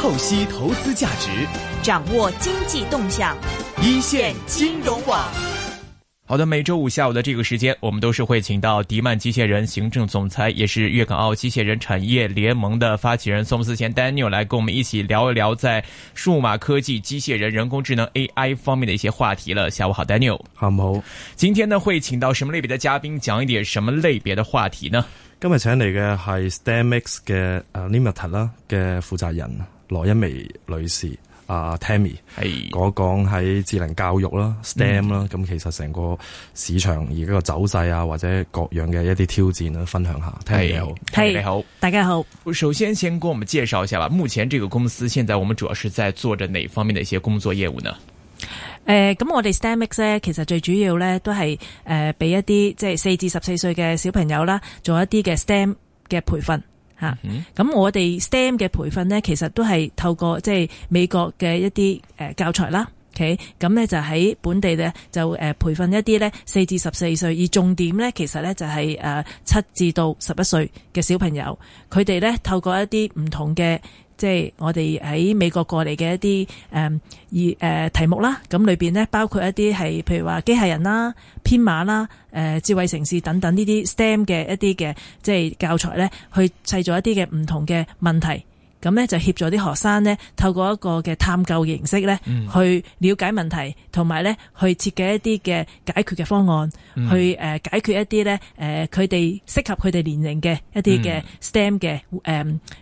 透析投資價值，掌握經濟動向，一線金融網。好的，每周五下午的這個時間，我們都是會請到迪曼機械人行政總裁，也是粵港澳機械人產業聯盟的發起人宋思賢 Daniel 來跟我們一起聊一聊在數碼科技、機械人、人工智能 AI 方面的一些話題了。下午好，Daniel。好，好，今天呢，會請到什麼類別的嘉賓，講一點什麼類別的話題呢？今日請嚟嘅係 STEMex 嘅呃 Limit、啊、啦嘅負責人。羅一薇女士啊、uh,，Tammy Hey. 講一講喺智能教育啦、STEM 啦、嗯，咁其實成個市場而家個走勢啊，或者各樣嘅一啲挑戰分享下。Tammy 你好，Tammy 你好，大家好。首先先跟我們介紹一下啦，目前這個公司現在我們主要是在做着哪方面的一些工作業務呢？誒、呃，咁我哋 STEMex 咧，其實最主要咧都係誒俾一啲即係四至十四歲嘅小朋友啦，做一啲嘅 STEM 嘅培訓。吓，咁、嗯、我哋 STEM 嘅培訓呢，其實都係透過即係美國嘅一啲誒教材啦，OK，咁呢就喺本地呢，就誒培訓一啲呢四至十四歲，而重點呢，其實呢就係誒七至到十一歲嘅小朋友，佢哋呢，透過一啲唔同嘅，即係我哋喺美國過嚟嘅一啲誒二誒題目啦，咁裏面咧包括一啲係譬如話機械人啦、編碼啦、誒、呃、智慧城市等等呢啲 STEM 嘅一啲嘅即係教材咧，去製造一啲嘅唔同嘅問題，咁咧就協助啲學生咧透過一個嘅探究形式咧去了解問題，同埋咧去設計一啲嘅解決嘅方案，嗯、去誒、呃、解決一啲咧誒佢哋適合佢哋年齡嘅一啲嘅 STEM 嘅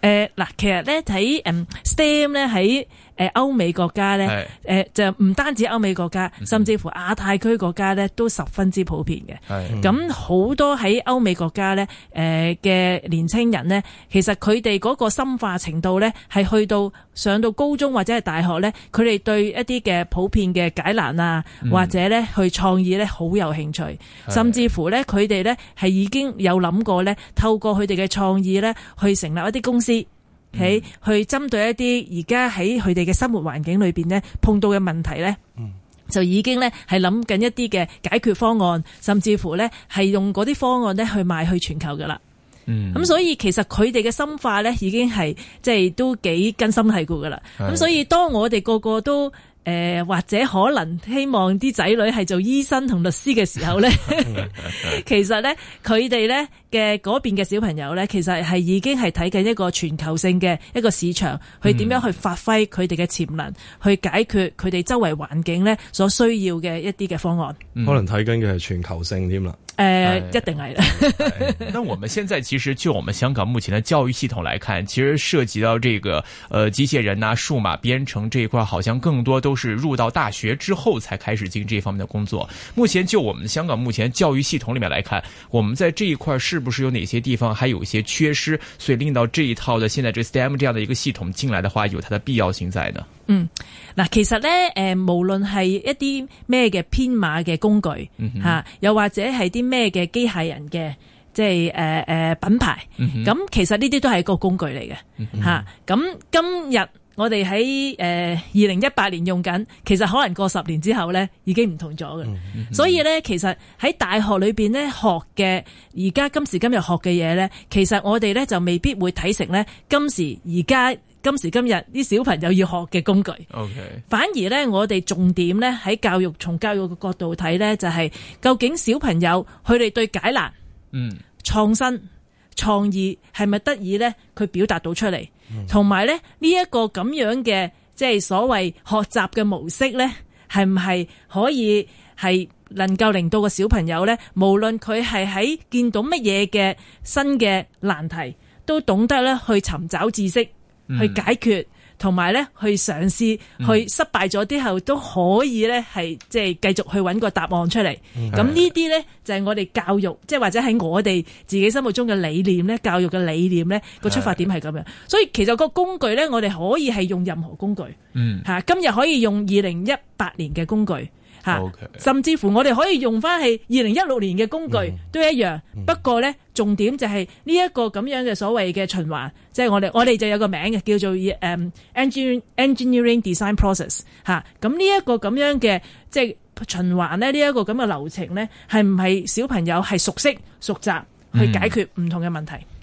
誒，嗱，其實咧睇誒 STEM 咧喺誒歐美國家咧，誒是就唔單止歐美國家，甚至乎亞太區國家咧都十分之普遍嘅。咁好是多喺歐美國家咧，誒嘅年青人呢，其實佢哋嗰個深化程度咧，係去到上到高中或者係大學咧，佢哋對一啲嘅普遍嘅解難啊，或者咧去創意咧好有興趣，是甚至乎咧佢哋咧係已經有諗過咧，透過佢哋嘅創意咧去成立一啲公司喺去針對一啲而家喺佢哋嘅生活環境裏邊咧，碰到嘅問題咧，就已經咧係諗緊一啲嘅解決方案，甚至乎咧係用嗰啲方案咧去賣去全球噶啦。嗯，咁所以其實佢哋嘅深化咧已經係即係都幾根深蒂固噶啦。咁的所以當我哋個個都。誒、呃、或者可能希望啲仔女係做醫生同律師嘅時候咧， 其實咧佢哋咧嘅嗰邊嘅小朋友咧，其實係已經係睇緊一個全球性嘅一個市場去點樣去發揮佢哋嘅潛能，嗯、去解決佢哋周圍環境咧所需要嘅一啲嘅方案。嗯、可能睇緊嘅係全球性添啦。誒、呃、一定係啦。咁 我們現在其實就我們香港目前嘅教育系統嚟看，其實涉及到這個呃，機械人啊、數碼編程這一塊，好像更多都。是入到大學之後才開始進行這方面的工作。目前就我們香港目前教育系統裏面來看，我們在這一塊是不是有哪些地方還有一些缺失？所以令到這一套的現在這 STEM 這樣的一個系統進來的話，有它的必要性在的。嗯，嗱，其實呢，誒、呃，無論係一啲咩嘅編碼嘅工具，吓、嗯哼啊，又或者係啲咩嘅機械人嘅，即係誒誒品牌，咁、嗯、哼其實呢啲都係一個工具嚟嘅，吓、嗯哼。咁、啊、今日。我哋喺誒二零一八年用緊，其實可能過十年之後呢已經唔同咗嘅。嗯、哼所以呢，其實喺大學裏邊呢學嘅，而家今時今日學嘅嘢呢，其實我哋呢就未必會睇成呢今時而家今時今日啲小朋友要學嘅工具。O.K. 反而呢，我哋重點呢喺教育，從教育嘅角度睇呢、就係，就係究竟小朋友佢哋對解難、創新、創意係咪得以呢？佢表達到出嚟？同埋咧，呢一個咁樣嘅即係所謂學習嘅模式呢，係唔係可以係能夠令到個小朋友呢，無論佢係喺見到乜嘢嘅新嘅難題，都懂得呢去尋找知識去解決。嗯同埋咧，去嘗試，去失敗咗之後都可以咧，係即係繼續去揾個答案出嚟。咁呢啲咧就係我哋教育，即係或者喺我哋自己心目中嘅理念咧，教育嘅理念咧個出發點係咁樣。嗯，所以其實個工具咧，我哋可以係用任何工具。嗯，吓今日可以用二零一八年嘅工具。Okay, 甚至乎我哋可以用翻係二零一六年嘅工具都一樣，嗯嗯、不過呢重點就係呢一個咁樣嘅所謂嘅循環，即、就、係、是、我哋我哋就有個名嘅叫做誒、um, engineering, engineering design process 吓、啊，咁呢一個咁樣嘅即係循環呢，呢一個咁嘅流程呢係唔係小朋友係熟悉熟習去解決唔同嘅問題？嗯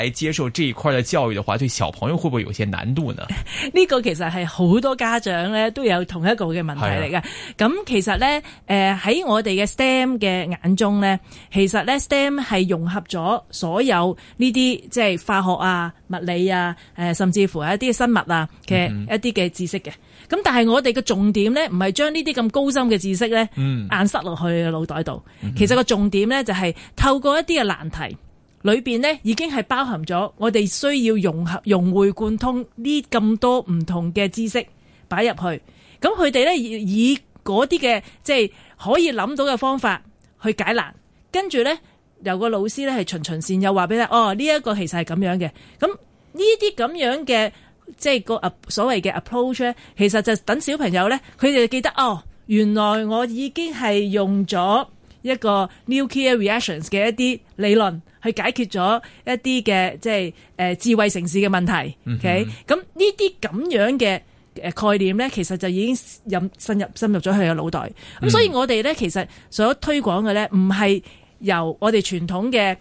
來接受這一塊嘅教育的話，對小朋友會不會有些難度呢？呢 個其實係好多家長咧都有同一個嘅問題嚟嘅。咁其實咧，誒喺我哋嘅 STEM 嘅眼中咧，其實咧 STEM 係融合咗所有呢啲即係化學啊、物理啊，誒甚至乎一啲生物啊嘅一啲嘅知識嘅。咁但係我哋嘅重點咧，唔係將呢啲咁高深嘅知識咧，嗯，硬塞落去個腦袋度。其實個重點咧就係透過一啲嘅難題，裏邊呢已經係包含咗我哋需要融合融匯貫通呢咁多唔同嘅知識擺入去，咁佢哋呢，以嗰啲嘅即係可以諗到嘅方法去解難，跟住呢，有個老師呢係循循善誘，話俾你哦呢一個其實係咁樣嘅，咁呢啲咁樣嘅即係個所謂嘅 approach 其實就等小朋友呢，佢哋就記得哦，原來我已經係用咗。一個 nuclear reactions 嘅一啲理論，去解決咗一啲嘅即係誒智慧城市嘅問題。OK，咁呢啲咁樣嘅誒概念咧，其實就已經入深入深入咗佢嘅腦袋。咁所以我哋咧，其實所推廣嘅咧，唔係由我哋傳統嘅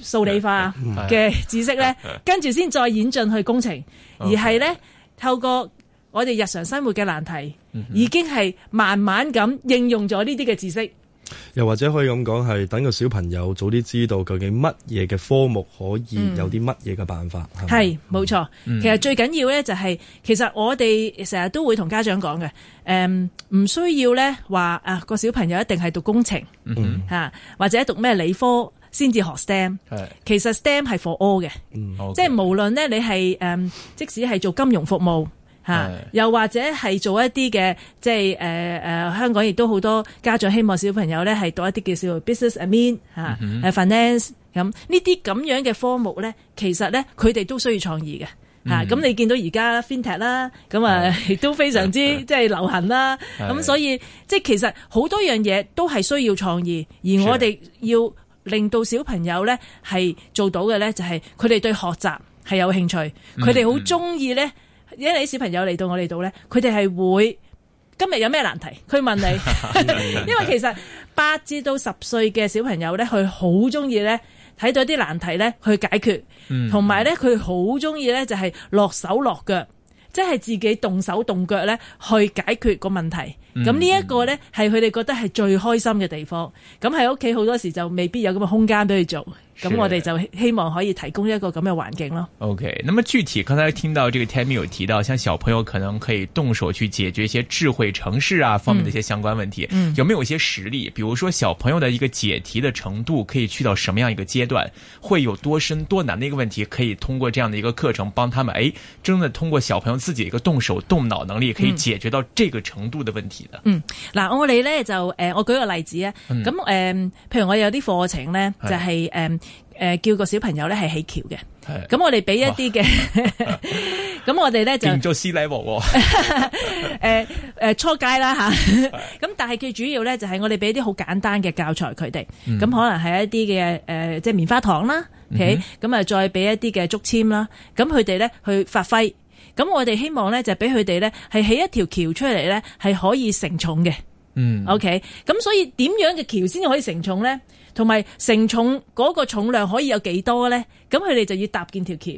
數理化嘅知識咧，跟住先再演進去工程，而係咧透過我哋日常生活嘅難題，已經係慢慢咁應用咗呢啲嘅知識。又或者可以咁講，係等個小朋友早啲知道究竟乜嘢嘅科目可以有啲乜嘢嘅辦法。係、嗯，冇錯吧。錯嗯、其實最緊要咧就係，其實我哋成日都會同家長講嘅，誒、嗯，唔需要咧話啊個小朋友一定係讀工程，吓、嗯、或者讀咩理科先至學 STEM 是。其實 STEM 係 for all 嘅，嗯、即係無論咧你係誒、嗯，即使係做金融服務。吓，又或者係做一啲嘅，即係誒誒，香港亦都好多家長希望小朋友咧係讀一啲嘅叫做 business admin 吓，啊 finance 咁呢啲咁樣嘅科目咧，其實咧佢哋都需要創意嘅嚇。咁你見到而家 fintech 啦，咁啊亦都非常之即係流行啦。咁所以即係其實好多樣嘢都係需要創意，而我哋要令到小朋友咧係做到嘅咧，就係佢哋對學習係有興趣，佢哋好中意咧。因為你小朋友嚟到我哋度咧，佢哋係會今日有咩難題？佢問你， 因為其實八至到十歲嘅小朋友咧，佢好中意咧睇到一啲難題咧去解決，同埋咧佢好中意咧就係落手落腳，即係自己動手動腳咧去解決個問題。咁、嗯、呢一個咧，係佢哋覺得係最開心嘅地方。咁喺屋企好多時就未必有咁嘅空間都去做。咁的我哋就希望可以提供一個咁嘅環境咯。OK，咁啊，具體剛才聽到這個 Tammy 有提到，像小朋友可能可以動手去解決一些智慧城市啊方面的一些相關問題，嗯，有沒有一些實例？比如說小朋友的一個解題的程度可以去到什麼樣一個階段？會有多深多難的一個問題可以通過這樣的一個課程幫他們，誒，真的通過小朋友自己一個動手動腦能力，可以解決到這個程度的問題。嗯嗯，嗱，我哋咧就，誒、呃，我舉個例子啊，咁、嗯，誒、呃，譬如我有啲課程咧，的就係、是，誒，誒，叫個小朋友咧係起橋嘅，咁的我哋俾一啲嘅，咁哇 我哋咧就唔做 C level 喎。誒、哦，誒、 呃，初階啦吓，咁的 但係最主要咧就係我哋俾啲好簡單嘅教材佢哋，咁、嗯、可能係一啲嘅，誒、呃，即、就、係、是、棉花糖啦，咁啊、嗯、哼再俾一啲嘅竹籤啦，咁佢哋咧去發揮。咁我哋希望咧，就俾佢哋咧，係起一條橋出嚟咧，係可以承重嘅。嗯，OK。咁所以點樣嘅橋先至可以承重咧？同埋承重嗰個重量可以有幾多咧？咁佢哋就要搭建條橋。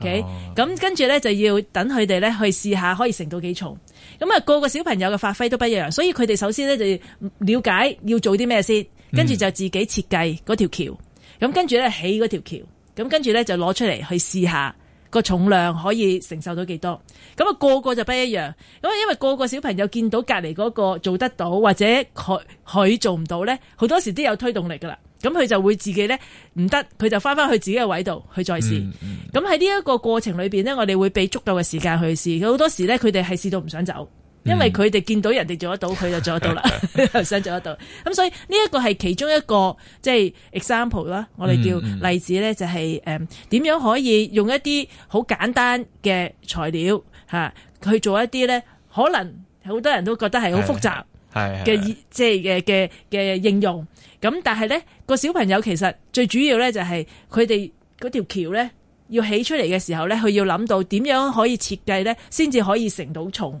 OK、哦。咁跟住咧就要等佢哋咧去試下可以承到幾重。咁啊，個個小朋友嘅發揮都不一樣，所以佢哋首先咧就要了解要做啲咩先，跟住就自己設計嗰條橋。咁跟住咧起嗰條橋，咁跟住咧就攞出嚟去試下。個重量可以承受到幾多？咁啊個個就不一樣。咁因為個個小朋友見到隔籬嗰個做得到，或者佢佢做唔到咧，好多時都有推動力噶啦。咁佢就會自己咧唔得，佢就翻翻去自己嘅位度去再試。咁喺呢一個過程裏邊咧，我哋會俾足夠嘅時間去試。佢好多時咧，佢哋係試到唔想走。因為佢哋見到人哋做得到，佢就做得到啦，想 做得到咁，所以呢一個係其中一個即係 example 啦。我哋叫例子咧，就係誒點樣可以用一啲好簡單嘅材料嚇去做一啲咧，可能好多人都覺得係好複雜嘅，即係嘅嘅嘅應用咁。但係咧，個小朋友其實最主要咧就係佢哋嗰條橋咧要起出嚟嘅時候咧，佢要諗到點樣可以設計咧，先至可以承到重。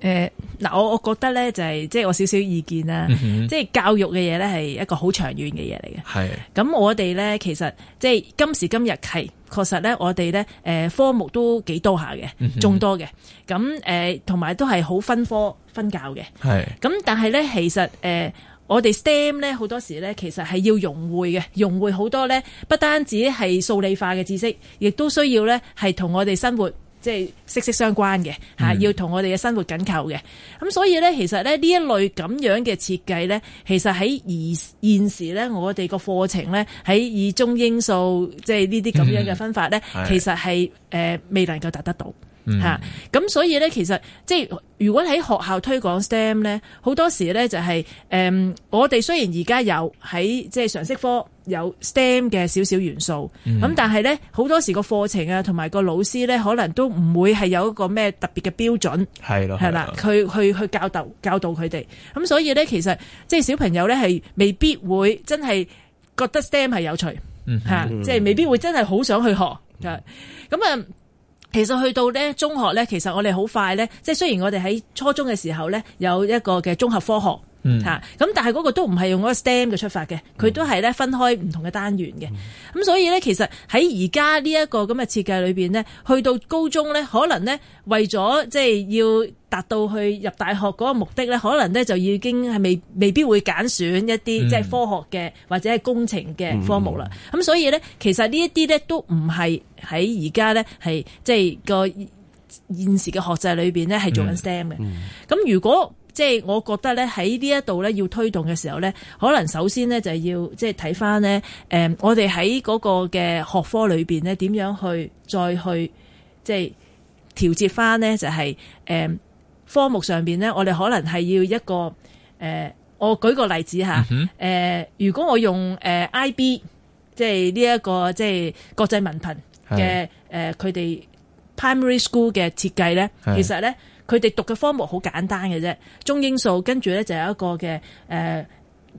誒，嗱、呃、我我覺得咧就係即係我少少意見啦，嗯、哼即係教育嘅嘢咧係一個好長遠嘅嘢嚟嘅。係是。咁我哋咧其實即係今時今日係確實咧，我哋咧誒科目都幾多下嘅，眾多嘅。咁誒同埋都係好分科分教嘅。係是。咁但係咧其實誒、呃、我哋 STEM 咧好多時咧其實係要融匯嘅，融匯好多咧不單止係數理化嘅知識，亦都需要咧係同我哋生活，即係息息相關嘅嚇，要同我哋嘅生活緊扣嘅咁，嗯、所以咧其實咧呢一類咁樣嘅設計咧，其實喺而現時咧，我哋個課程咧喺以中英數即係呢啲咁樣嘅分法咧，嗯、其實係誒是的 未能夠達得到。吓，咁所以咧，其實即係如果喺學校推廣 STEM 咧，好多時咧就係，誒，我哋雖然而家有喺即係常識科有 STEM 嘅少少元素，咁但係咧好多時個課程啊，同埋個老師咧，可能都唔會係有一個咩特別嘅標準，係咯，係啦，去去去教導教導佢哋，咁所以咧，其實即係小朋友咧係未必會真係覺得 STEM 係有趣，吓，即係未必會真係好想去學，咁啊。其實去到咧中學咧，其實我哋好快咧，即係雖然我哋喺初中嘅時候咧有一個嘅綜合科學。咁、嗯、但係嗰個都唔係用嗰個 STEM 嘅出發嘅，佢都係咧分開唔同嘅單元嘅。咁、嗯、所以咧，其實喺而家呢一個咁嘅設計裏面咧，去到高中咧，可能咧為咗即係要達到去入大學嗰個目的咧，可能咧就已經係未未必會揀選一啲即係科學嘅或者係工程嘅科目啦。咁、嗯嗯、所以咧，其實呢一啲咧都唔係喺而家咧係即係個現時嘅學制裏面咧係做緊 STEM 嘅。咁、嗯嗯、如果即係我覺得咧，喺呢一度咧要推動嘅時候咧，可能首先咧就係要即係睇翻咧，誒，我哋喺嗰個嘅學科裏邊咧點樣去再去即係調節翻咧，就係誒科目上邊咧，我哋可能係要一個誒，我舉個例子下，誒、嗯哼，如果我用誒 IB，即係呢一個即係國際文憑嘅誒，佢哋是 primary school 嘅設計咧，是其實咧。佢哋讀嘅科目好簡單嘅啫，中英數跟住咧就有一個嘅誒、呃、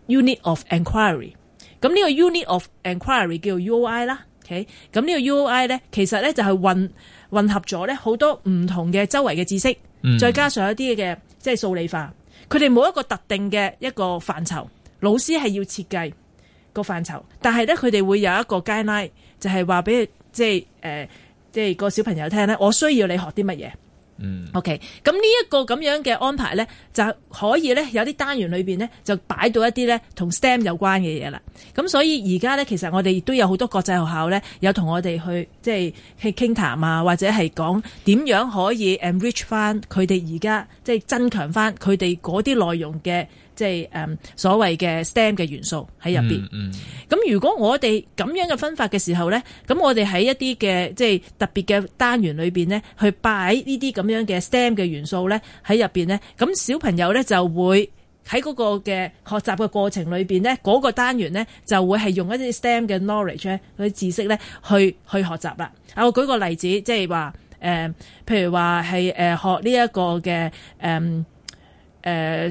unit of inquiry。咁呢個 unit of inquiry 叫 UOI 啦，okay？咁呢個 UOI 咧，其實咧就係混混合咗咧好多唔同嘅周圍嘅知識，嗯、再加上一啲嘅即係數理化。佢哋冇一個特定嘅一個範疇，老師係要設計個範疇，但係咧佢哋會有一個 guide line，就係話俾即係誒即係個小朋友聽咧，我需要你學啲乜嘢。嗯，OK，咁呢一個咁樣嘅安排咧，就可以咧有啲單元裏面咧就擺到一啲咧同 STEM 有關嘅嘢啦。咁所以而家咧，其實我哋亦都有好多國際學校咧，有同我哋去即係去傾談啊，或者係講點樣可以 enrich 翻佢哋而家即係增強翻佢哋嗰啲內容嘅。即係誒，所謂嘅 STEM 嘅元素喺入邊。咁、嗯嗯、如果我哋咁樣嘅分法嘅時候咧，咁我哋喺一啲嘅即係特別嘅單元裏邊咧，去擺呢啲咁樣嘅 STEM 嘅元素咧喺入邊咧，咁小朋友咧就會喺嗰個嘅學習嘅過程裏邊咧，嗰、那個單元咧就會係用一啲 STEM 嘅 knowledge 咧去知識咧去去學習啦。啊，我舉個例子，即係話誒，譬如話係誒學呢一個嘅誒。呃誒誒、呃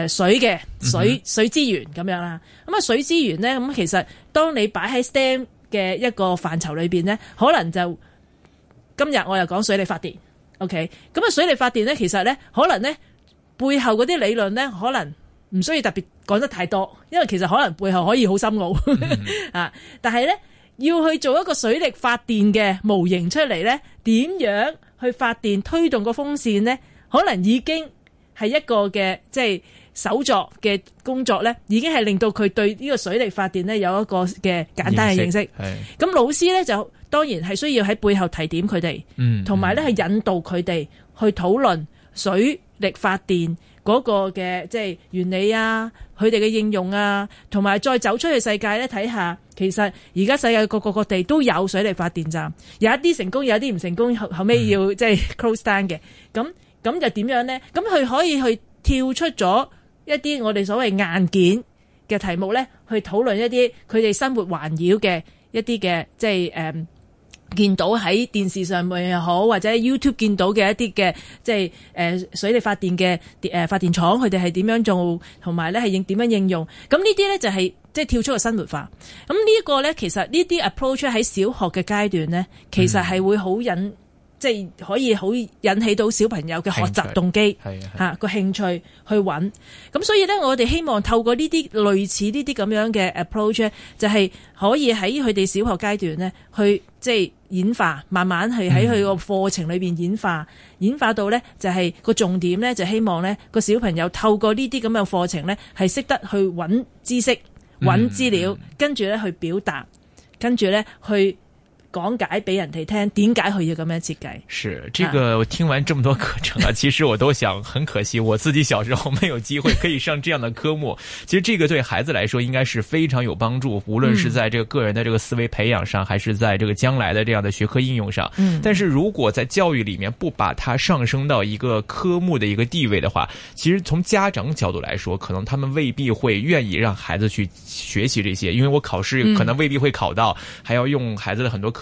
呃，水嘅水水資源咁樣啦。咁啊，水資、mm hmm. 源呢？咁其實當你擺喺 STEM 嘅一個範疇裏邊呢，可能就今日我又講水力發電。OK，咁啊，水力發電呢，其實呢，可能呢，背後嗰啲理論呢，可能唔需要特別講得太多，因為其實可能背後可以好深奧啊。Mm hmm. 但係呢，要去做一個水力發電嘅模型出嚟呢，點樣去發電推動個風扇呢？可能已經。係一個嘅，即係手作嘅工作咧，已經係令到佢對呢個水力發電咧，有一個嘅簡單嘅認識。係咁老師咧，就當然係需要喺背後提點佢哋，嗯，同埋咧，係引導佢哋去討論水力發電嗰個嘅，即係原理啊，佢哋嘅應用啊，同埋再走出去世界咧睇下，其實而家世界各個各地都有水力發電站，有一啲成功，有一啲唔成功，後後尾要即係 close down 嘅咁。咁就點樣呢？咁佢可以去跳出咗一啲我哋所謂硬件嘅題目呢，去討論一啲佢哋生活環繞嘅一啲嘅，即係誒見到喺電視上面又好，或者 YouTube 見到嘅一啲嘅，即係誒水力發電嘅誒發電廠，佢哋係點樣做，同埋呢係應點樣應用。咁呢啲呢就係即係跳出個生活化。咁呢個呢其實呢啲 approach 喺小學嘅階段呢，其實係會好引。即係可以好引起到小朋友嘅學習動機，嚇個興趣去揾。咁的所以呢，我哋希望透過呢啲類似呢啲咁樣嘅 approach，就係可以喺佢哋小學階段呢去即係演化，慢慢去喺佢個課程裏邊演化，嗯、演化到呢、就係，就係個重點呢，就希望呢個小朋友透過呢啲咁嘅課程呢，係識得去揾知識、揾資料，嗯嗯跟住呢去表達，跟住呢去。講解俾人哋聽，點解佢要咁樣設計？是，這個我聽完這麼多課程啊，其實我都想，很可惜我自己小時候沒有機會可以上這樣的科目。其實這個對孩子來說，應該是非常有幫助，無論是在這個個人的這個思維培養上，還是在這個將來的這樣的學科應用上。嗯。但是如果在教育裏面不把它上升到一個科目的一個地位的話，其實從家長角度來說，可能他們未必會願意讓孩子去學習這些，因為我考試可能未必會考到，還要用孩子的很多課。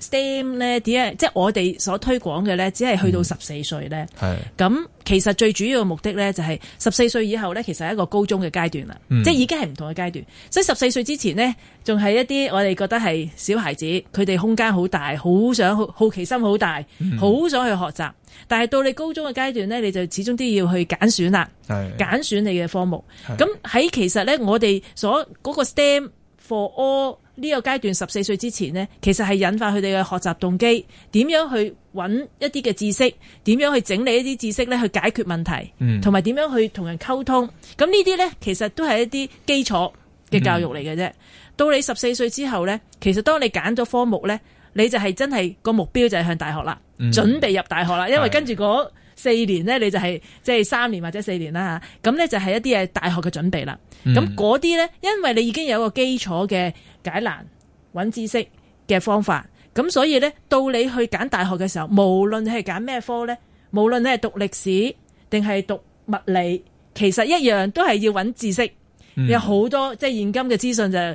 STEM 咧點解？Em, 即係我哋所推廣嘅咧，只係去到十四歲咧。咁、嗯、其實最主要嘅目的咧，就係十四歲以後咧，其實係一個高中嘅階段啦。嗯、即係已經係唔同嘅階段，所以十四歲之前呢，仲係一啲我哋覺得係小孩子，佢哋空間好大，好想好奇心好大，好想去學習。嗯、但係到你高中嘅階段咧，你就始終都要去揀選啦。揀選啦。是揀選你嘅科目。咁喺是其實咧，我哋所嗰個 STEM for all。呢個階段十四歲之前呢，其實係引發佢哋嘅學習動機，點樣去揾一啲嘅知識，點樣去整理一啲知識咧，去解決問題，同埋點樣去同人溝通。咁呢啲呢，其實都係一啲基礎嘅教育嚟嘅啫。嗯、到你十四歲之後呢，其實當你揀咗科目呢，你就係真係個目標就係向大學啦，嗯、準備入大學啦，因為跟住嗰四年咧，你就係，是，即係三年或者四年啦嚇，咁咧就係一啲嘢大學嘅準備啦。咁嗰啲咧，因為你已經有個基礎嘅解難揾知識嘅方法，咁所以咧，到你去揀大學嘅時候，無論係揀咩科咧，無論你係讀歷史定係讀物理，其實一樣都係要揾知識，有好多即係現今嘅資訊就係。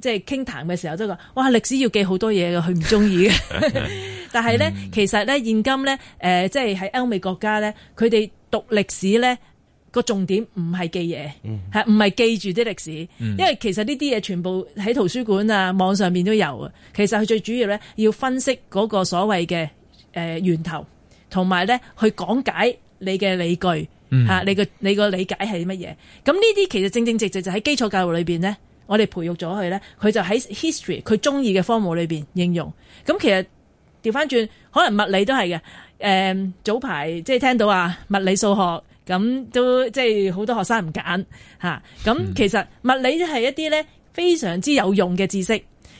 即係傾談嘅時候都話，哇！歷史要記好多嘢嘅，佢唔中意嘅。 但係咧呢，嗯、其實咧，現今咧，誒、呃，即係喺歐美國家咧，佢哋讀歷史咧個重點唔係記嘢，係唔係記住啲歷史？因為其實呢啲嘢全部喺圖書館啊、網上面都有嘅。其實佢最主要咧要分析嗰個所謂嘅誒源頭，同埋咧去講解你嘅理據，吓、嗯啊、你個你個理解係乜嘢？咁呢啲其實正正直直就喺基礎教育裏邊咧。我哋培育咗佢咧，佢就喺 history 佢中意嘅科目裏邊應用。咁其實調翻轉，可能物理都係嘅。誒、嗯，早排即係聽到啊，物理數學咁都即係好多學生唔揀吓。咁、嗯嗯、其實物理都係一啲咧非常之有用嘅知識。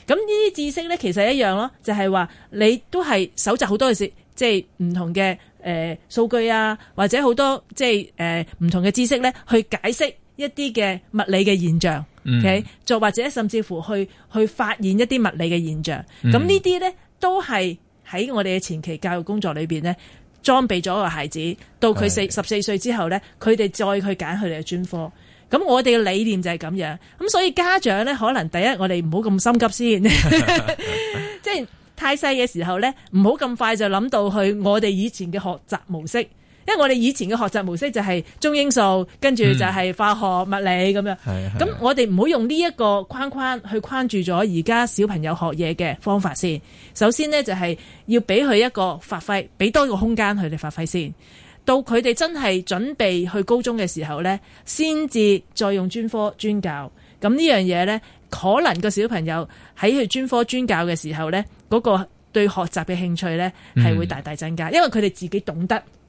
咁呢啲知識咧其實一樣咯，就係、是、話你都係搜集好多嘅事，即係唔同嘅誒數據啊，或者好多即係誒唔同嘅知識咧，去解釋一啲嘅物理嘅現象。OK，嗯、或者甚至乎去去發現一啲物理嘅現象，咁、嗯、呢啲咧，都係喺我哋嘅前期教育工作裏邊咧，裝備咗一個孩子，到佢四十四歲之後咧，佢哋再去揀佢哋嘅專科。咁我哋嘅理念就係咁樣，咁所以家長咧可能第一，我哋唔好咁心急先， 即係太細嘅時候咧，唔好咁快就諗到去我哋以前嘅學習模式。因為我哋以前嘅學習模式就係中英數，跟住就係化學、嗯、物理咁樣。咁的我哋唔好用呢一個框框去框住咗而家小朋友學嘢嘅方法先。首先呢，就係要俾佢一個發揮，俾多一個空間佢哋發揮先。到佢哋真係準備去高中嘅時候呢，先至再用專科專教。咁呢樣嘢呢，可能個小朋友喺去專科專教嘅時候呢，嗰個對學習嘅興趣呢係會大大增加，嗯、因為佢哋自己懂得。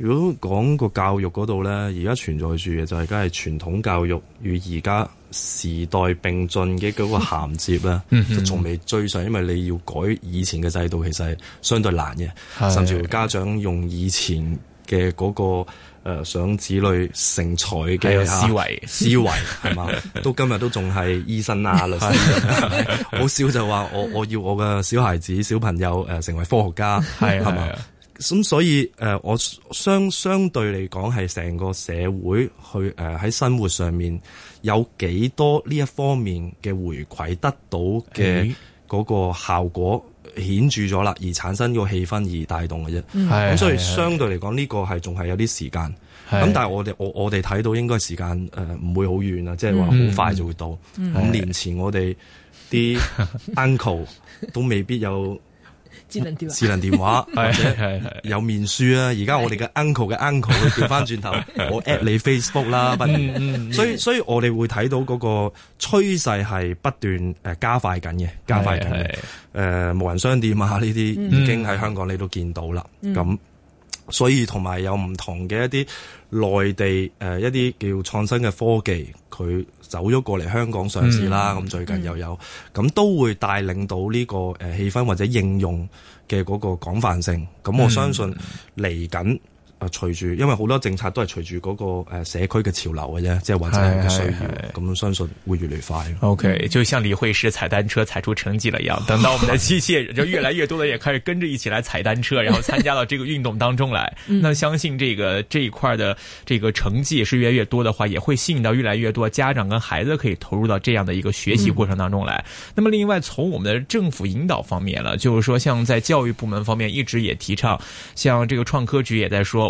如果講個教育嗰度咧，而家存在住嘅就係梗係傳統教育與而家時代並進嘅嗰個銜接咧，就從未追上，因為你要改以前嘅制度，其實係相對難嘅，甚至乎家長用以前嘅嗰個誒想子女成才嘅思維，思維係嘛，到今日都仲係醫生啊、律師，好少就話我我要我嘅小孩子小朋友誒成為科學家係係嘛。咁所以誒、呃，我相相對嚟講，係成個社會去誒，喺、呃、生活上面有幾多呢一方面嘅回饋得到嘅嗰個效果顯著咗啦，嗯、而產生個氣氛而帶動嘅啫。咁、嗯嗯、所以相對嚟講，呢、嗯、個係仲係有啲時間。咁、嗯、但係我哋我我哋睇到應該時間誒唔會好遠啊，即係話好快就會到。五、嗯嗯嗯、年前我哋啲 uncle 都未必有。智能電話，或者係 有面書啊！而家我哋嘅 uncle 嘅 uncle 會調翻是轉頭，我 at 你 Facebook 啦。 所以，所以我哋會睇到嗰個趨勢係不斷誒加快緊嘅，加快緊嘅。誒、呃，無人商店啊，呢啲已經喺香港你都見到啦。咁、嗯。所以同埋有唔同嘅一啲內地誒、呃、一啲叫創新嘅科技，佢走咗過嚟香港上市啦。咁、嗯、最近又有，咁、嗯、都會帶領到呢、呢個誒、呃、氣氛或者應用嘅嗰個廣泛性。咁我相信嚟緊。啊，隨住因為好多政策都係隨住嗰個誒社區嘅潮流嘅啫，即係或者係嘅需要，咁是相信會越嚟越快。OK，就像李慧詩踩單車踩出成績了一樣，等到我們的機械人就越來越多的也開始跟着一起來踩單車， 然後參加到這個運動當中來。那相信這個這一塊的這個成績是越來越多的話，也會吸引到越來越多家長跟孩子可以投入到這樣的一個學習過程當中來。 那麼另外從我們的政府引導方面了，就是說像在教育部門方面一直也提倡，像這個創科局也在說。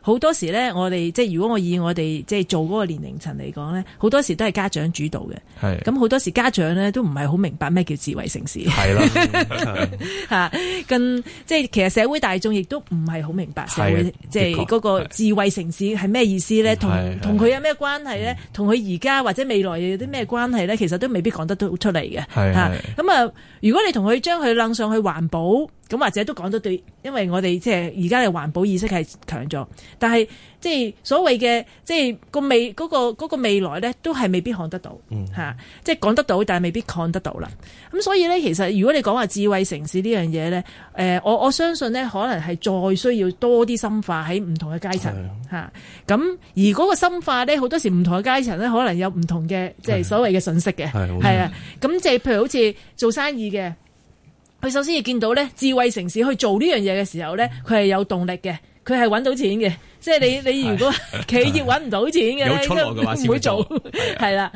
好多時咧，我哋即係如果我以我哋即係做嗰個年齡層嚟講咧，好多時都係家長主導嘅。係咁，好多時家長咧都唔係好明白咩叫智慧城市。係啦吓，即係其實社會大眾亦都唔係好明白社會，社的即係嗰個智慧城市係咩意思咧？同同佢有咩關係咧？同佢而家或者未來有啲咩關係咧？其實都未必講得到出嚟嘅。係吓咁啊！是的 如果你同佢將佢掕上去環保。咁或者都講得對，因為我哋即係而家嘅環保意識係強咗，但係即係所謂嘅即係個未嗰個嗰個未來咧，都係未必看得到，即係講得到，但係未必看得到啦。咁所以咧，其實如果你講話智慧城市呢樣嘢咧，誒，我我相信咧，可能係再需要多啲深化喺唔同嘅階層咁是的 而嗰個深化咧，好多時唔同嘅階層咧，可能有唔同嘅即係所謂嘅信息嘅，係啊。咁即係譬如好似做生意嘅。佢首先要見到咧，智慧城市去做呢樣嘢嘅時候咧，佢係有動力嘅，佢係搵到錢嘅。 即係你你如果 企業搵唔到錢嘅，應該唔會做。係啦，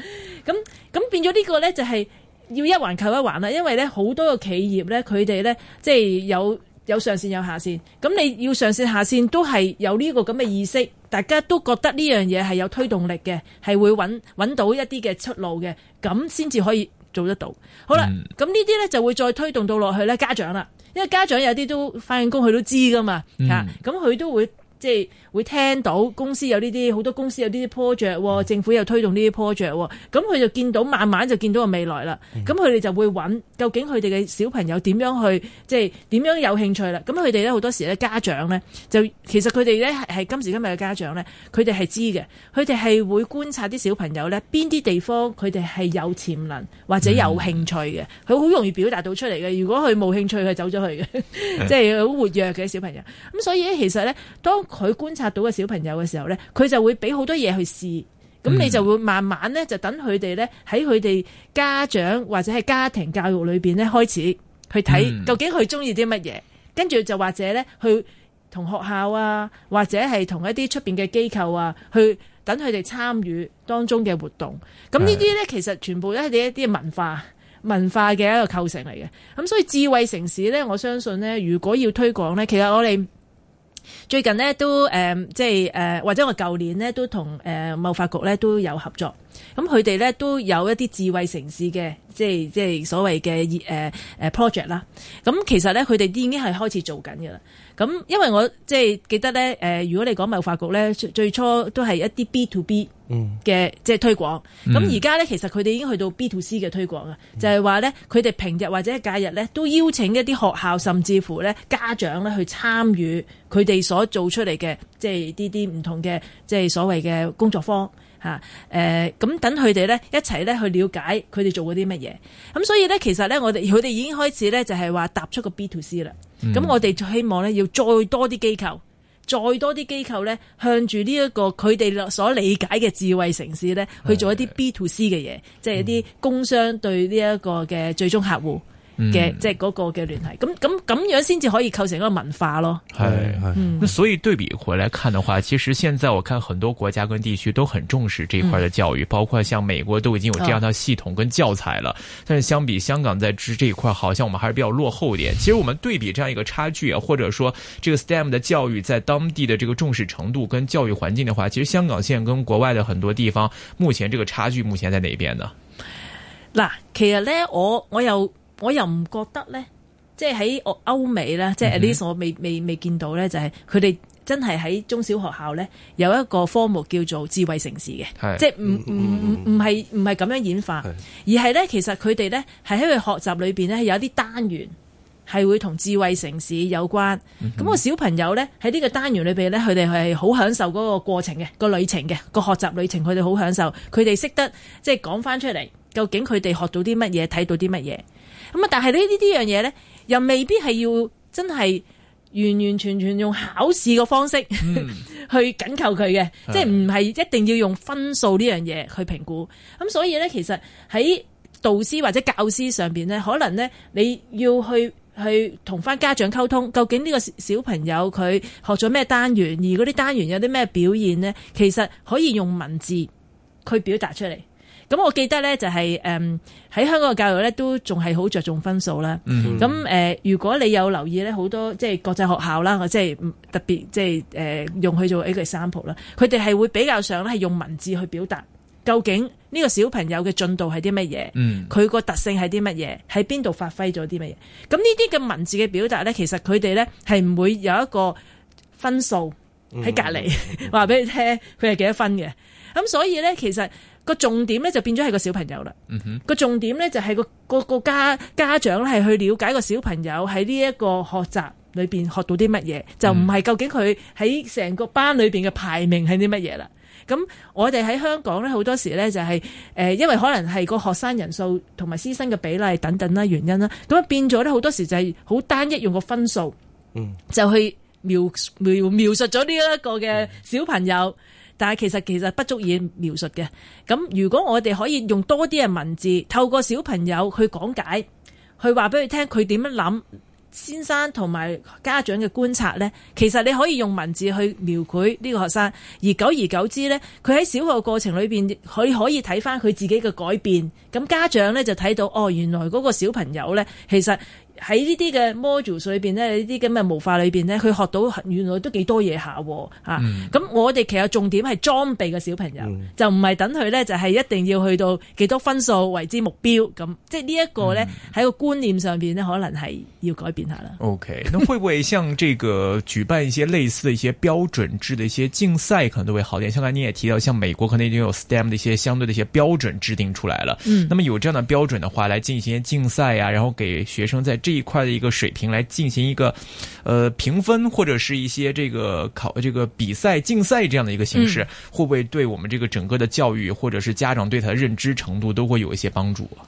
咁咁變咗呢個咧就係要一環扣一環啦。因為咧好多個企業咧，佢哋咧即係有有上線有下線，咁你要上線下線都係有呢個咁嘅意識，大家都覺得呢樣嘢係有推動力嘅，係會搵搵到一啲嘅出路嘅，咁先至可以。做得到，好啦，咁呢啲咧就會再推動到落去咧家長啦，因為家長有啲都翻緊工，佢都知噶嘛，吓，咁佢都會。即係會聽到公司有呢啲，好多公司有呢啲 project，政府又推動呢啲 project，咁佢就見到慢慢就見到個未來啦。咁佢哋就會揾究竟佢哋嘅小朋友點樣去，即係點樣有興趣啦。咁佢哋咧好多時咧家長咧就其實佢哋咧係今時今日嘅家長咧，佢哋係知嘅，佢哋係會觀察啲小朋友咧邊啲地方佢哋係有潛能或者有興趣嘅。佢好容易表達到出嚟嘅。如果佢冇興趣，佢走咗去嘅，即係好活躍嘅小朋友。咁所以咧，其實咧當，佢觀察到嘅小朋友嘅時候呢，佢就會俾好多嘢去試，咁、嗯、你就會慢慢呢，就等佢哋呢喺佢哋家長或者係家庭教育裏面呢，開始去睇究竟佢鍾意啲乜嘢，嗯、跟住就或者呢，去同學校啊，或者係同一啲出面嘅機構啊，去等佢哋參與當中嘅活動。咁呢啲呢，是的 其實全部都係一啲文化文化嘅一個構成嚟嘅。咁所以智慧城市呢，我相信呢，如果要推廣呢，其實我哋。最近呢，都誒，即係誒，或者我舊年呢，都同誒貿發局咧都有合作，咁佢哋咧都有一啲智慧城市嘅，即係即係所謂嘅誒 project 啦，咁其實咧佢哋啲已經係開始做緊嘅啦。咁因為我即係記得咧，誒如果你講貿發局咧，最初都係一啲 B to B 嘅即係推廣。咁而家咧其實佢哋已經去到 B to C 嘅推廣啊，嗯、就係話咧佢哋平日或者假日咧都邀請一啲學校甚至乎咧家長咧去參與佢哋所做出嚟嘅即係啲啲唔同嘅即係所謂嘅工作坊。啊，誒咁等佢哋咧一齊咧去了解佢哋做過啲乜嘢，咁所以咧其實咧我哋佢哋已經開始咧就係話踏出個 B to C 啦，咁我哋希望咧要再多啲機構，再多啲機構咧向住呢一個佢哋所理解嘅智慧城市咧去做一啲 B to C 嘅嘢，即係一啲工商對呢一個嘅最終客戶。嘅即係嗰個嘅聯繫，咁咁咁樣先至可以構成一個文化咯。係係，嗯、所以對比回來看的話，其實現在我看很多國家跟地區都很重視這塊的教育，嗯、包括像美國都已經有這樣嘅系統跟教材了。哦、但係相比香港在之這一塊，好像我們還是比較落後啲。其實我們對比這樣一個差距、啊，或者說這個 STEM 的教育在當地的這個重視程度跟教育環境的話，其實香港現在跟國外的很多地方目前這個差距目前在哪邊呢？嗱，其實呢，我我有。我又唔覺得咧，即係喺歐美咧，mm hmm. 即係 at least 我未未未見到咧，就係佢哋真係喺中小學校咧有一個科目叫做智慧城市嘅，mm hmm. 即係唔唔唔唔係唔係咁樣演化，mm hmm. 而係咧其實佢哋咧係喺佢學習裏面咧有一啲單元係會同智慧城市有關。咁、mm hmm. 個小朋友咧喺呢個單元裏面咧，佢哋係好享受嗰個過程嘅、個旅程嘅、個學習旅程，佢哋好享受。佢哋識得即係講翻出嚟，究竟佢哋學到啲乜嘢，睇到啲乜嘢。咁啊！但係呢呢啲樣嘢咧，又未必係要真係完完全全用考試個方式 去緊扣佢嘅，嗯、即係唔係一定要用分數呢樣嘢去評估。咁是的 所以咧，其實喺導師或者教師上邊咧，可能咧你要去去同翻家長溝通，究竟呢個小朋友佢學咗咩單元，而嗰啲單元有啲咩表現咧，其實可以用文字佢表達出嚟。咁我記得咧，就係誒喺香港嘅教育咧，都仲係好着重分數啦。咁誒、mm hmm. 呃，如果你有留意咧，好多即係國際學校啦，即係特別即係誒、呃、用去做 example 啦，佢哋係會比較上咧，係用文字去表達究竟呢個小朋友嘅進度係啲乜嘢，佢個、mm hmm. 特性係啲乜嘢，喺邊度發揮咗啲乜嘢。咁呢啲嘅文字嘅表達咧，其實佢哋咧係唔會有一個分數喺隔籬話俾、mm hmm. 你聽，佢係幾多分嘅。咁所以咧，其實。個重點咧就變咗係個小朋友啦。嗯哼。個重點咧就係個個個家家長咧係去了解個小朋友喺呢一個學習裏邊學到啲乜嘢，就唔係究竟佢喺成個班裏邊嘅排名係啲乜嘢啦。咁我哋喺香港咧好多時咧就係誒，因為可能係個學生人數同埋師生嘅比例等等啦，原因啦，咁變咗咧好多時就係好單一用個分數，就去描描描述咗呢一個嘅小朋友。但係其實其實不足以描述嘅。咁如果我哋可以用多啲嘅文字，透過小朋友去講解，去話俾佢聽佢點樣諗，先生同埋家長嘅觀察呢，其實你可以用文字去描繪呢個學生。而久而久之呢，佢喺小學過程裏面，佢可以睇翻佢自己嘅改變。咁家長呢就睇到哦，原來嗰個小朋友呢，其實。喺呢啲嘅 module 裏邊咧，呢啲咁嘅模塊裏邊咧，佢學到原來都幾多嘢下，吓、啊、咁、嗯、我哋其實重點係裝備嘅小朋友、嗯，就唔係等佢咧，就係一定要去到幾多分數為之目標咁，即係、就是、呢一個咧喺個觀念上邊咧，可能係要改變下啦。OK，咁會不會像這個舉辦一些類似嘅一些標準制嘅一些競賽， 可能都會好啲？剛才你也提到，像美國可能已經有 STEM 嘅一些相對嘅一些標準制定出來了。嗯，那麼有這樣的標準的話，來進行競賽啊，然後給學生在。這一塊的一個水平來進行一個，呃評分或者是一些這個考這個比賽競賽這樣的一個形式，嗯、會不會對我們這個整個的教育或者是家長對他的認知程度都會有一些幫助、啊？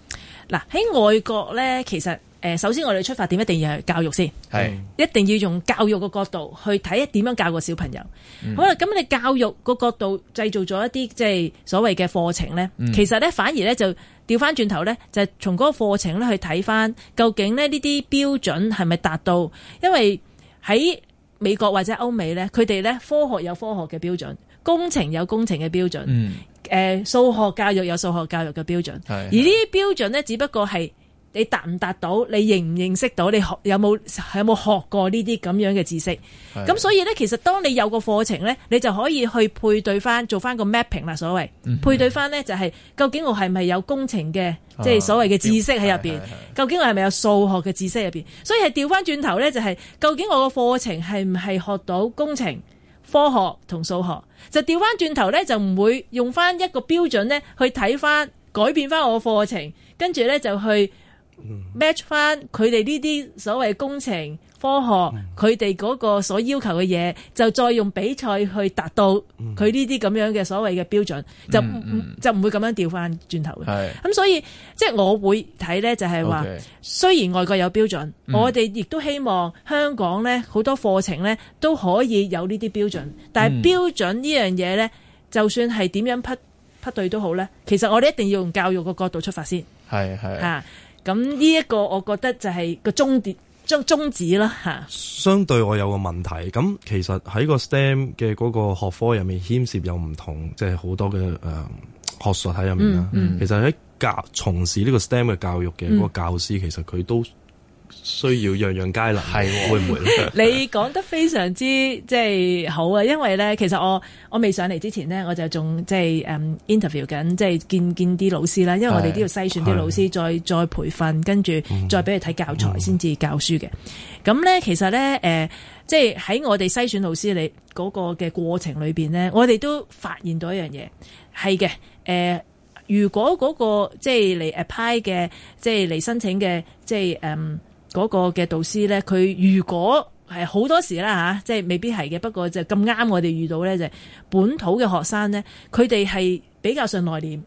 嗱喺外國呢，其實誒、呃，首先我哋出發點一定要係教育先，係是一定要用教育嘅角度去睇點樣教個小朋友。嗯、好啦，咁你教育個角度製造咗一啲即係所謂嘅課程呢，嗯、其實呢，反而呢就。調翻轉頭咧，就係從嗰個課程咧去睇翻，究竟咧呢啲標準係咪達到？因為喺美國或者歐美咧，佢哋咧科學有科學嘅標準，工程有工程嘅標準，誒數學教育有數學教育嘅標準，而呢啲標準咧，只不過係。你達唔達到？你認唔認識到？你學有冇係有冇學過呢啲咁樣嘅知識？咁所以呢，其實當你有個課程呢，你就可以去配對翻做翻個 mapping 啦，所謂配對翻呢就係究竟我係咪有工程嘅即係所謂嘅知識喺入邊？究竟我係咪有數學嘅知識喺入邊？所以係調翻轉頭呢，就係究竟我個課程係唔係學到工程、科學同數學？就調翻轉頭呢，就唔會用翻一個標準呢去睇翻改變翻我課程，跟住呢就去 match 翻佢哋呢啲所謂工程科學，佢哋嗰個所要求嘅嘢，就再用比賽去達到佢呢啲咁樣嘅所謂嘅標準，嗯嗯、就就唔會咁樣調翻轉頭嘅。咁是所以即係、就是、我會睇呢，就係話雖然外國有標準，嗯、我哋亦都希望香港呢好多課程呢都可以有呢啲標準。嗯、但係標準呢樣嘢呢，就算係點樣匹匹對都好呢，其實我哋一定要用教育嘅角度出發先係係吓。咁呢一個我覺得就係個終點，終終止啦吓。相對我有個問題，咁其實喺個 STEM 嘅嗰個學科入面，牽涉有唔同，即係好多嘅誒、呃、學術喺入面啦。嗯嗯、其實喺教從事呢個 STEM 嘅教育嘅嗰個教師，嗯、其實佢都。需要樣樣皆能，係會唔會？你講得非常之，即係好啊！因為咧，其實我我未上嚟之前呢，我就仲即係 interview 緊，即係見見啲老師啦。因為我哋都要篩選啲老師，再再培訓，跟住再俾佢睇教材先至教書嘅。咁咧、嗯嗯，其實咧，誒、呃，即係喺我哋篩選老師你嗰個嘅過程裏邊咧，我哋都發現到一樣嘢，係嘅。誒、呃，如果嗰、那個即係嚟 apply 嘅，即係嚟申請嘅，即係嗰個嘅導師咧，佢如果係好多時啦、啊、即係未必係嘅。不過就咁啱，我哋遇到咧就係、本土嘅學生咧，佢哋係比較上內斂，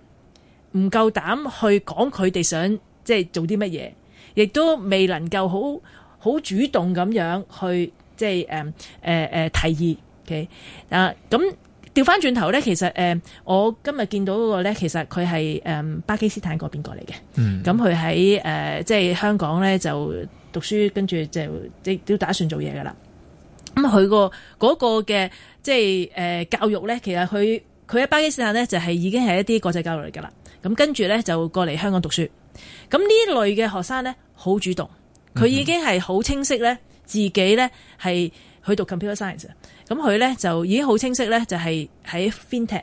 唔夠膽去講佢哋想即係做啲乜嘢，亦都未能夠好好主動咁樣去即係誒誒誒提議。Okay? 啊咁。調返轉頭咧，其實誒、呃，我今日見到嗰、那個咧，其實佢係誒巴基斯坦嗰邊過嚟嘅。嗯。咁佢喺誒即係香港咧就讀書，跟住就都都打算做嘢噶啦。咁、嗯、佢個嗰個嘅即係誒教育咧，其實佢佢喺巴基斯坦咧就係、是、已經係一啲國際教育嚟噶啦。咁跟住咧就過嚟香港讀書。咁呢一類嘅學生咧好主動，佢已經係好清晰咧自己咧係去讀 Computer Science。咁佢咧就已經好清晰咧，就係喺 FinTech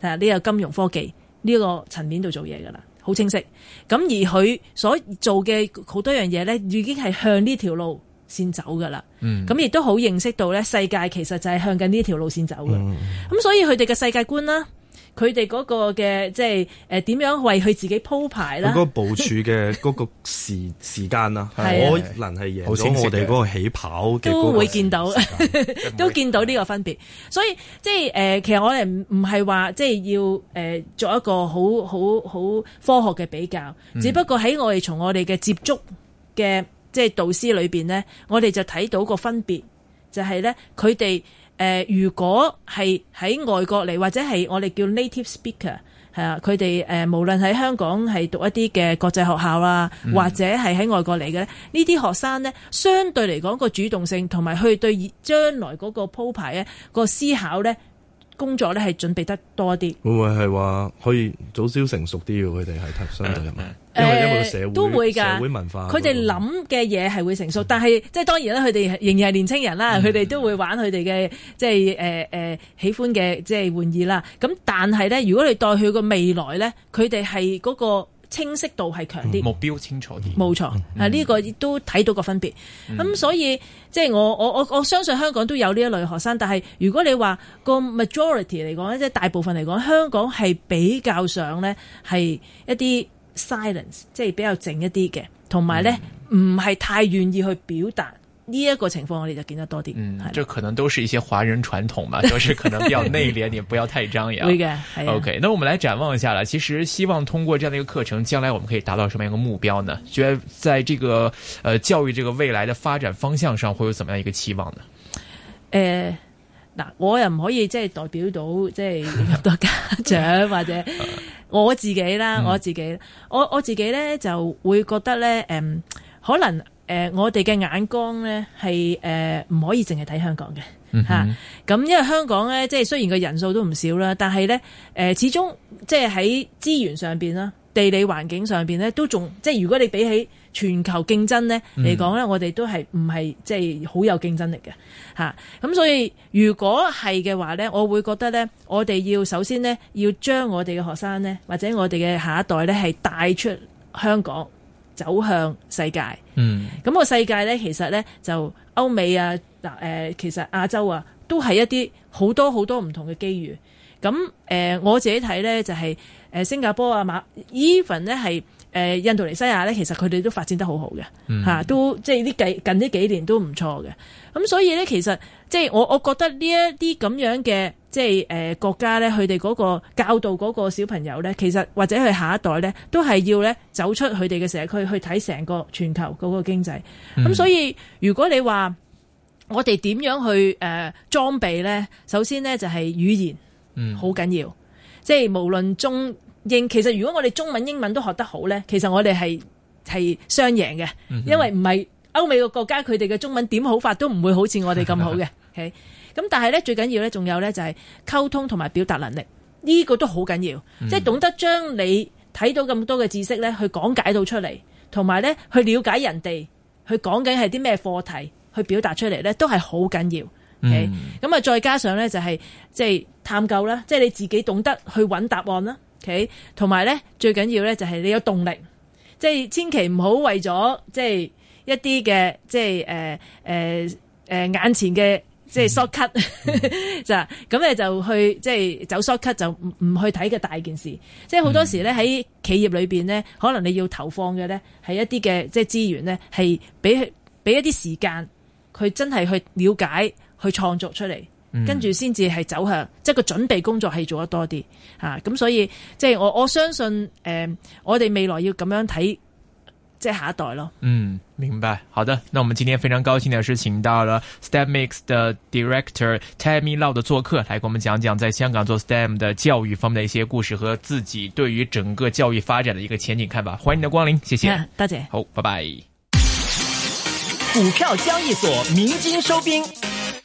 呢個金融科技呢個層面度做嘢噶啦，好清晰。咁而佢所做嘅好多樣嘢咧，已經係向呢條路線走噶啦。咁亦都好認識到咧，世界其實就係向緊呢條路線走嘅。咁、嗯、所以佢哋嘅世界觀啦。佢哋嗰個嘅即係誒點樣為佢自己鋪排啦？嗰個部署嘅嗰個時 時間啦， 可能係贏咗我哋嗰個起跑嗰個部署。都會見到，的 都見到呢個分別。的所以即係誒，其實我哋唔唔係話即係要誒做一個好好好科學嘅比較，嗯、只不過喺我哋從我哋嘅接觸嘅即係導師裏面咧，我哋就睇到個分別，就係咧佢哋。誒、呃，如果係喺外國嚟，或者係我哋叫 native speaker，係啊，佢哋誒，無論喺香港係讀一啲嘅國際學校啊，或者係喺外國嚟嘅咧，呢啲、嗯、學生咧，相對嚟講個主動性同埋佢對將來嗰個鋪排咧，個思考咧，工作咧係準備得多啲，會唔會係話可以早啲成熟啲？佢哋係踏入社會，社會文化，佢哋諗嘅嘢係會成熟，但係即係當然咧，佢哋仍然係年青人啦，佢哋都會玩佢哋嘅即係誒誒喜歡嘅即係玩意啦。咁但係咧，如果你代佢個未來咧，佢哋係嗰個。清晰度係強啲，目標清楚啲，冇錯啊，係呢個亦都睇到個分別，咁、嗯、所以即係、就是、我我我我相信香港都有呢一類學生，但係如果你話個 majority 嚟講咧即係大部分嚟講香港係比較上咧係一啲 silence，即係比較靜一啲嘅，同埋咧唔係太願意去表達。呢一個情況我哋就見得多啲。嗯，的這可能都是一些華人傳統嘛，都 是可能比較內斂， 你不要太張揚。會嘅，係。O K，那我們來展望一下啦。其實希望通過這樣的一個課程，將來我們可以達到什麼樣一個目標呢？覺得在這個，呃，教育這個未來的發展方向上，會有怎麼樣一個期望呢？誒、呃，嗱，我又唔可以即係、就是、代表到，即係好多家長 或者我自己啦， 我自己，嗯、我我自己咧就會覺得咧，嗯，可能。誒、呃，我哋嘅眼光咧係誒唔可以淨係睇香港嘅咁、嗯哼啊、因為香港咧，即係雖然個人數都唔少啦，但係咧誒，始終即係喺資源上面啦、地理環境上面咧，都仲即係如果你比起全球競爭咧嚟講咧，嗯、我哋都係唔係即係好有競爭力嘅咁、啊嗯、所以如果係嘅話咧，我會覺得咧，我哋要首先咧要將我哋嘅學生咧，或者我哋嘅下一代咧，係帶出香港。走向世界，咁個世界咧，其實咧就歐美啊，嗱誒，其實亞洲啊，都係一啲好多好多唔同嘅機遇。咁誒，我自己睇咧就係新加坡啊馬，馬 even 咧係。誒印度尼西亞咧，其實佢哋都發展得好好嘅，嚇、嗯、都即係啲近呢幾年都唔錯嘅。咁所以咧，其實即係我我覺得呢一啲咁樣嘅即係誒國家咧，佢哋嗰個教導嗰個小朋友咧，其實或者佢下一代咧，都係要咧走出佢哋嘅社區去睇成個全球嗰個經濟。咁、嗯、所以如果你話我哋點樣去誒裝備咧，首先咧就係語言，嗯，好緊要，即係無論中。其實，如果我哋中文、英文都學得好呢，其實我哋係係雙贏嘅，因為唔係歐美個國,國家佢哋嘅中文點好法都唔會好似我哋咁好嘅。咁、 okay? 但係呢，最緊要呢，仲有呢，就係溝通同埋表達能力呢、呢個都好緊要，即係、嗯、懂得將你睇到咁多嘅知識呢去講解到出嚟，同埋呢去了解人哋去講緊係啲咩課題去表達出嚟呢，都係好緊要。咁啊，再加上呢、就係，就係即係探究啦，即、就、係、係、你自己懂得去揾答案啦。同埋咧，最緊要咧就係你有動力，即係千祈唔好為咗即係一啲嘅即係誒誒眼前嘅即係 short cut 就咁你就去即係走 short cut 就唔去睇嘅大件事。即係好多時咧喺企業裏面咧，可能你要投放嘅咧係一啲嘅即係資源咧，係俾俾一啲時間，佢真係去了解去創作出嚟。嗯、跟住先至係走向，即、就、係、是、個準備工作係做得多啲，吓、啊、咁、嗯、所以即係、就是、我我相信誒、呃，我哋未來要咁樣睇，即係下一代咯。嗯，明白，好的。那我們今天非常高興的是，請到了 STEMex 的 Director Tammy Law 的做客，來跟我們講講在香港做 STEM 的教育方面的一些故事和自己對於整個教育發展的一個前景看法。歡迎你的光臨，謝謝，多謝、嗯。謝謝好，拜拜。股票交易所明金收兵。